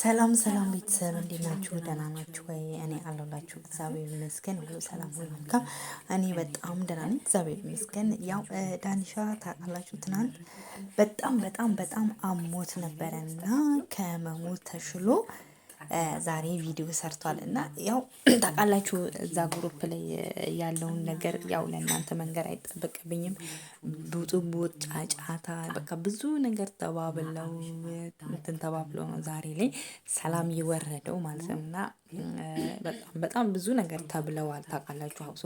ሰላም ሰላም ቤተሰብ እንዴት ናችሁ? ደህና ናችሁ ወይ? እኔ አለሁላችሁ። እግዚአብሔር ይመስገን ሁሉ ሰላም ሁሉ መልካም። እኔ በጣም ደህና ነኝ፣ እግዚአብሔር ይመስገን። ያው ዳንሻ ታውቃላችሁ፣ ትናንት በጣም በጣም በጣም አሞት ነበረና ከመሞት ተሽሎ ዛሬ ቪዲዮ ሰርቷል እና ያው ታውቃላችሁ እዛ ግሩፕ ላይ ያለውን ነገር ያው ለእናንተ መንገድ አይጠበቅብኝም። ብጥብጥ፣ ጫጫታ በቃ ብዙ ነገር ተባብለው እንትን ተባብለው ነው ዛሬ ላይ ሰላም የወረደው ማለት ነው እና በጣም ብዙ ነገር ተብለዋል። ታውቃላችሁ አውሶ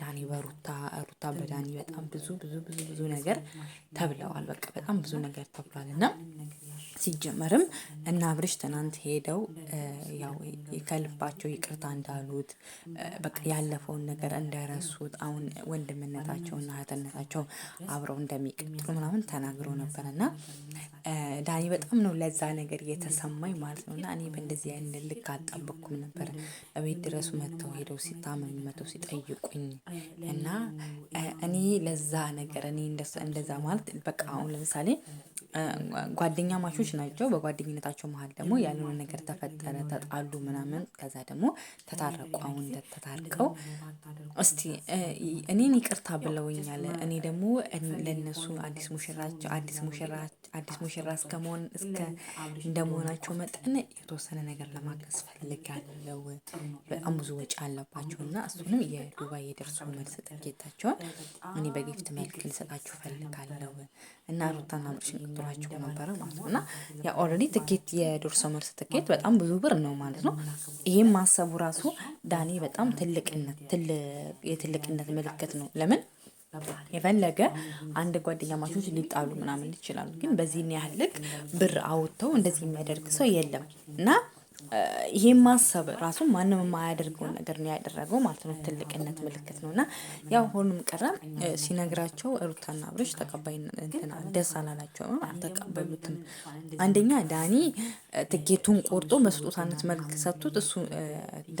ዳኒ በሩታ ሩታ በዳኒ በጣም ብዙ ብዙ ብዙ ብዙ ነገር ተብለዋል። በቃ በጣም ብዙ ነገር ተብሏል እና ሲጀመርም እና አብርሽ ትናንት ሄደው ያው ከልባቸው ይቅርታ እንዳሉት በቃ ያለፈውን ነገር እንደረሱት አሁን ወንድምነታቸውና እህትነታቸው አብረው እንደሚቀጥሉ ምናምን ተናግረው ነበር እና ዳኒ በጣም ነው ለዛ ነገር የተሰማኝ ማለት ነው። እና እኔ በእንደዚህ አይነት ልክ አልጠበኩም ነበር። እቤት ድረሱ መጥተው ሄደው ሲታመኝ መጥተው ሲጠይቁኝ እና እኔ ለዛ ነገር እኔ እንደዛ ማለት በቃ አሁን ለምሳሌ ጓደኛ ማቾች ናቸው። በጓደኝነታቸው መሀል ደግሞ ያልሆነ ነገር ተፈጠረ፣ ተጣሉ ምናምን፣ ከዛ ደግሞ ተታረቁ። አሁን ተታርቀው እስቲ እኔን ይቅርታ ብለውኛል። እኔ ደግሞ ለእነሱ አዲስ ሙሽራቸው አዲስ ሙሽራ አዲስ ሙሽራ ሙሽራ እስከመሆን እስከ እንደመሆናቸው መጠን የተወሰነ ነገር ለማገዝ ፈልጋለው። በጣም ብዙ ወጪ አለባቸው እና እሱንም የዱባይ የደርሶ መልስ ጥቂታቸውን እኔ በጊፍት መልክ ልሰጣችሁ ፈልጋለው እና ሩታና ምርሽን ቁጥራቸው ነበረ ማለት ነው እና ያ ኦልሬዲ ትኬት የደርሶ መልስ ትኬት በጣም ብዙ ብር ነው ማለት ነው። ይህም ማሰቡ ራሱ ዳኔ በጣም ትልቅነት የትልቅነት ምልክት ነው ለምን የፈለገ አንድ ጓደኛ ማቾች ሊጣሉ ምናምን ይችላሉ፣ ግን በዚህን ያህል ልክ ብር አውጥተው እንደዚህ የሚያደርግ ሰው የለም እና ይሄ ማሰብ ራሱ ማንም የማያደርገውን ነገር ነው ያደረገው ማለት ነው። ትልቅነት ምልክት ነው እና ያው ሆኖም ቀረ ሲነግራቸው ሩታና አብርሽ ተቀባይነት ደስ አላላቸውም፣ አልተቀበሉትም። አንደኛ ዳኒ ትኬቱን ቆርጦ በስጦታነት መልክ ሰጥቶት እሱ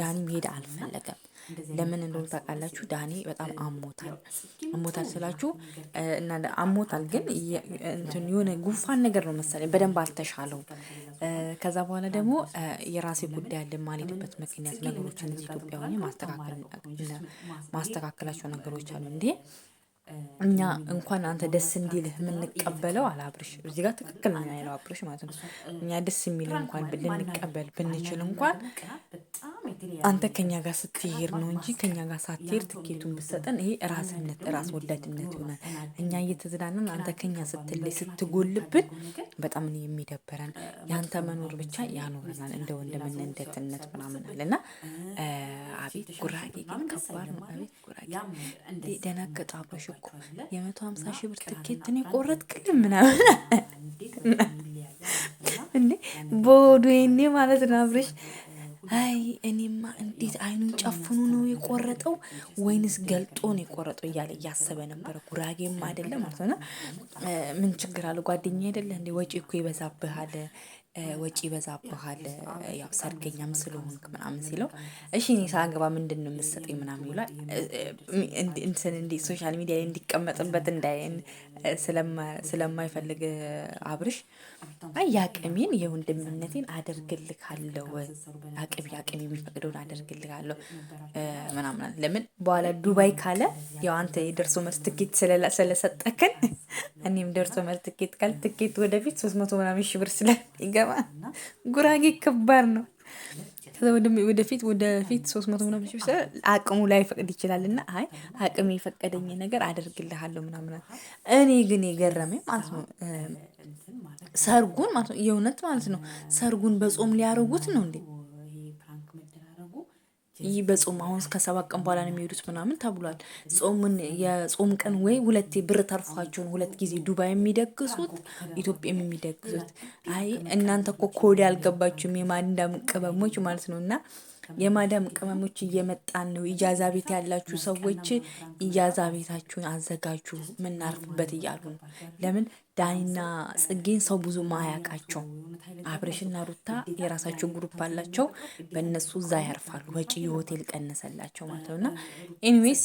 ዳኒ መሄድ አልፈለገም። ለምን እንደሆነ ታውቃላችሁ? ዳኒ በጣም አሞታል። አሞታል ስላችሁ እና አሞታል ግን የሆነ ጉንፋን ነገር ነው መሰለኝ፣ በደንብ አልተሻለው። ከዛ በኋላ ደግሞ የራሴ ጉዳይ አለ ማልሄድበት ምክንያት ነገሮችን እዚህ ኢትዮጵያ ሆኜ ማስተካከላቸው ነገሮች አሉ እንዴ እኛ እንኳን አንተ ደስ እንዲልህ የምንቀበለው አላብርሽ እዚህ ጋር ትክክል ነው ያለው አብርሽ ማለት ነው። እኛ ደስ የሚል እንኳን ልንቀበል ብንችል እንኳን አንተ ከኛ ጋር ስትሄድ ነው እንጂ ከኛ ጋር ሳትሄድ ትኬቱን ብሰጠን ይሄ ራስነት ራስ ወዳድነት ይሆናል። እኛ እየተዝናንን አንተ ከኛ ስትለይ ስትጎልብን በጣም ነው የሚደበረን። የአንተ መኖር ብቻ ያኖረናል እንደ ወንድምን እንደትነት ምናምን አለ እና አቤት ጉራጌ ግን ከባድ ነው። አቤት ጉራጌ ደነገጡ። አብረሽ እኮ የመቶ ሀምሳ ሺህ ብር ትኬት ትኬትን የቆረጥክልን ምናምን እንዴ በወዱ ይኔ ማለት ነው አብረሽ አይ እኔማ እንዴት አይኑን ጨፍኑ ነው የቆረጠው ወይንስ ገልጦ ነው የቆረጠው እያለ እያሰበ ነበረ። ጉራጌም አይደለም ማለት ነው። ምን ችግር አለ ጓደኛ አይደለ እንዴ? ወጪ እኮ ይበዛብህ አለ ወጪ ይበዛብሃል፣ ያው ሰርገኛም ስለሆንክ ምናምን ሲለው እሺ እኔ ሳገባ ምንድን ነው የምትሰጠኝ ምናምን ይላል። እንትን እንዲ ሶሻል ሚዲያ ላይ እንዲቀመጥበት እንዳይን ስለማይፈልግ አብርሽ አይ የአቅሜን የወንድምነቴን አደርግልካለሁ፣ አቅሜ አቅሜ የሚፈቅደውን አደርግልካለሁ ምናምን ለምን በኋላ ዱባይ ካለ ያው አንተ የደርሶ መልስ ትኬት ስለሰጠክን እኔም ደርሶ መልስ ትኬት ካል ትኬት ወደፊት ሶስት መቶ ምናምን ሺህ ብር ስለ ሲገባ ጉራጌ ከባድ ነው። ከዛ ወደፊት ወደፊት ሶስት መቶ ምናምን ሺህ አቅሙ ላይ ፈቅድ ይችላል እና አይ አቅም የፈቀደኝ ነገር አደርግልሃለሁ ምናምን። እኔ ግን የገረመኝ ማለት ነው ሰርጉን ማለት ነው የእውነት ማለት ነው ሰርጉን በጾም ሊያደርጉት ነው እንዴ? ይህ በጾም አሁን እስከ ሰባት ቀን በኋላ ነው የሚሄዱት ምናምን ተብሏል። ጾምን የጾም ቀን ወይ ሁለቴ ብር ተርፏቸውን ሁለት ጊዜ ዱባይ የሚደግሱት ኢትዮጵያም የሚደግሱት አይ እናንተ እኮ ኮድ አልገባችሁም የማዳም ቅመሞች ማለት ነው እና የማዳም ቅመሞች እየመጣን ነው። ኢጃዛ ቤት ያላችሁ ሰዎች ኢጃዛ ቤታችሁን አዘጋጁ ምናርፍበት እያሉ ነው። ለምን ዳኒና ጽጌን ሰው ብዙ ማያውቃቸው አብረሽና ሩታ የራሳቸው ግሩፕ አላቸው። በእነሱ እዛ ያርፋሉ። ወጪ የሆቴል ቀነሰላቸው ማለት ነው። እና ኤኒዌይስ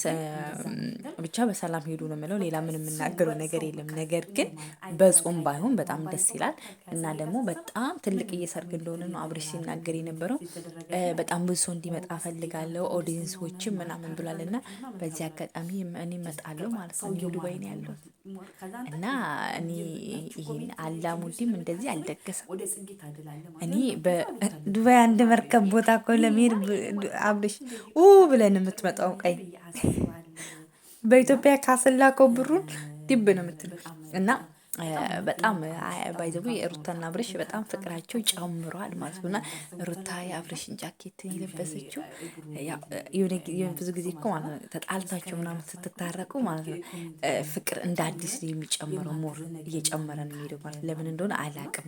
ብቻ በሰላም ሄዱ ነው የምለው። ሌላ ምን የምናገረው ነገር የለም። ነገር ግን በጾም ባይሆን በጣም ደስ ይላል እና ደግሞ በጣም ትልቅ እየሰርግ እንደሆነ ነው አብረሽ ሲናገር የነበረው። በጣም ብዙ ሰው እንዲመጣ ፈልጋለሁ ኦዲየንሶችም ምናምን ብሏል። እና በዚህ አጋጣሚ እኔ እመጣለሁ ማለት ነው። ዱባይ ነው ያለው እና ይሄን አላሙዲም እንደዚህ አልደገሰም። እኔ በዱባይ አንድ መርከብ ቦታ እኮ ለመሄድ ኡ ብለን የምትመጣው ቀይ በኢትዮጵያ ካስላከው ብሩን ዲብ ነው የምትለው እና በጣም ባይዘቡ የሩታና አብርሽ በጣም ፍቅራቸው ጨምሯል ማለት ነው። ነውና ሩታ የአብርሽን ጃኬት የለበሰችው ብዙ ጊዜ እኮ ማለት ነው ተጣልታቸው ምናምን ስትታረቁ ማለት ነው ፍቅር እንደ አዲስ የሚጨምረው፣ ሞር እየጨመረ ነው የሚሄደው ማለት ለምን እንደሆነ አላቅም።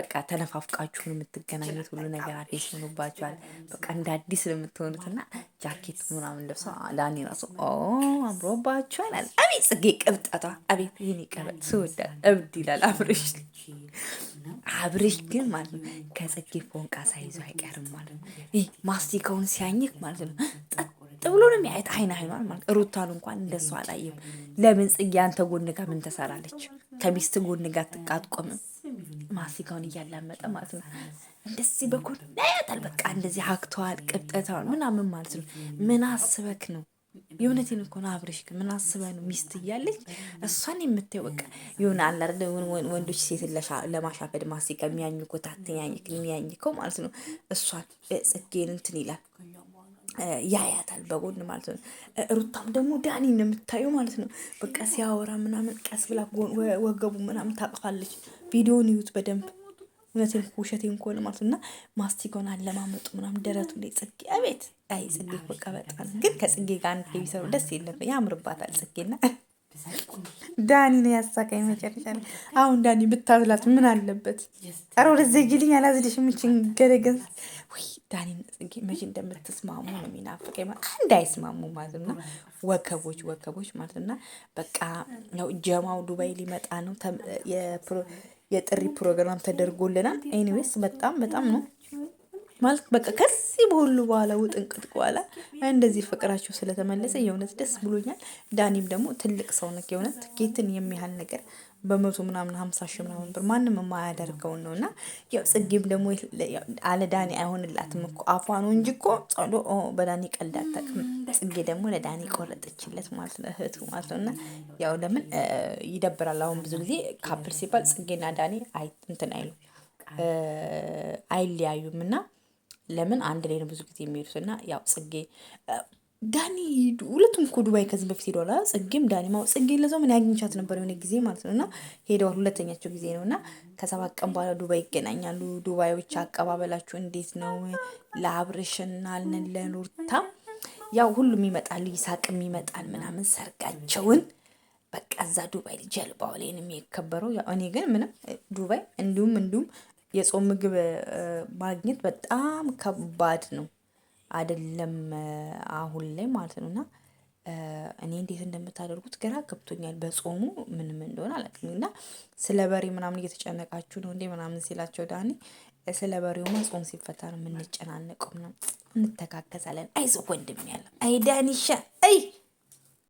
በቃ ተነፋፍቃችሁ ነው የምትገናኙት፣ ሁሉ ነገር አዲስ ሆኖባችኋል። በቃ እንደ አዲስ ነው የምትሆኑትና ጃኬት ምናምን ለብሰው ለአኔ ራሱ አምሮባችኋል። አቤት ጽጌ ቅብጠቷ፣ አቤት ይህን ይቀበጥ ስውል እብድ ይላል አብርሽ። አብርሽ ግን ማለት ነው ከጽጌ ፎንቃ ሳይዞ አይቀርም ማለት ነው። ይህ ማስቲካውን ሲያኝክ ማለት ነው ጠጥ ብሎ ነው የሚያየት አይን አይኗን ማለት ሩታን እንኳን እንደሱ አላየም። ለምን ጽጌ አንተ ጎን ጋር ምን ትሰራለች? ከሚስት ጎን ጋር ትቃጥቆምም ማስቲካውን እያላመጠ ማለት ነው እንደዚህ በኩል ያያታል። በቃ እንደዚህ ሀክተዋል፣ ቅብጠታዋል ምናምን ማለት ነው። ምን አስበክ ነው የእውነቴን እኮ ነው አብረሽ ምን አስበህ ነው ሚስት እያለች እሷን የምታየው በቃ የሆነ አለ አይደለ ወንዶች ሴት ለማሻፈድ ማስቀ የሚያኝኩት አትኛኝክ የሚያኝከው ማለት ነው እሷን ጽጌን እንትን ይላል ያያታል በጎን ማለት ነው። ሩታም ደግሞ ዳኒ ነው የምታየው ማለት ነው። በቃ ሲያወራ ምናምን ቀስ ብላ ወገቡ ምናምን ታቅፋለች። ቪዲዮን ይዩት በደንብ እውነቴን ውሸቴን ከሆነ ማለት እና ማስቲጋውን አለማመጡ ምናም ደረቱ ላይ ጽጌ አቤት አይ ጽጌ በቃ በጣም ግን ከጽጌ ጋር አንድ የሚሰሩ ደስ የለም። ያምርባታል ጽጌና ዳኒ ነው ያሳካኝ መጨረሻ ላይ። አሁን ዳኒ ብታዝላት ምን አለበት? ኧረ ወደዚያ ጊልኝ አላዝልሽ የምችን ገደገን ወይ ዳኒና ጽጌ መቼ እንደምትስማሙ ነው የሚናፍቀኝ። አንድ አይስማሙ ማለት እና ወከቦች ወከቦች ማለት እና በቃ ጀማው ዱባይ ሊመጣ ነው የፕሮ የጥሪ ፕሮግራም ተደርጎልናል። ኤኒዌይስ በጣም በጣም ነው ማለት በቃ ከዚህ በሁሉ በኋላ ውጥንቅጥ በኋላ እንደዚህ ፍቅራቸው ስለተመለሰ የእውነት ደስ ብሎኛል። ዳኒም ደግሞ ትልቅ ሰው ነው። የእውነት ጌትን የሚያህል ነገር በመቶ ምናምን ሀምሳ ሺ ምናምን ብር ማንም የማያደርገውን ነው እና ያው ጽጌም ደግሞ አለ ዳኒ አይሆንላትም እኮ አፏ ነው እንጂ እኮ ጸሎ በዳኒ ቀልድ አታውቅም። ጽጌ ደግሞ ለዳኒ ቆረጠችለት ማለት ነው እህቱ ማለት ነው እና ያው ለምን ይደብራል። አሁን ብዙ ጊዜ ካፕል ሲባል ጽጌና ዳኒ አይ እንትን አይሉ አይለያዩም እና ለምን አንድ ላይ ነው ብዙ ጊዜ የሚሄዱት እና ያው ጽጌ ዳኒ ሁለቱም እኮ ዱባይ ከዚህ በፊት ሄደዋል። ጽጌም ዳኒ ማ ጽጌ ለዛው ምን ያግኝቻት ነበር የሆነ ጊዜ ማለት ነው እና ሄደዋል። ሁለተኛቸው ጊዜ ነው እና ከሰባት ቀን በኋላ ዱባይ ይገናኛሉ። ዱባዮች አቀባበላችሁ እንዴት ነው? ለአብርሽና አልነን ለኑርታ ያው ሁሉም ይመጣል፣ ይሳቅም ይመጣል ምናምን ሰርጋቸውን በቃ እዛ ዱባይ ጀልባው ላይ ነው የሚከበረው። እኔ ግን ምንም ዱባይ እንዲሁም እንዲሁም የጾም ምግብ ማግኘት በጣም ከባድ ነው። አይደለም አሁን ላይ ማለት ነው። እና እኔ እንዴት እንደምታደርጉት ግራ ገብቶኛል በጾሙ ምን ምን እንደሆነ አላውቅም። እና ስለ በሬ ምናምን እየተጨነቃችሁ ነው እንዴ ምናምን ሲላቸው ዳኒ ስለ በሬውማ ጾም ሲፈታ ነው የምንጨናነቀው ምናምን እንተካከሳለን። አይዞህ ወንድም አለ። አይ ዳኒሻ አይ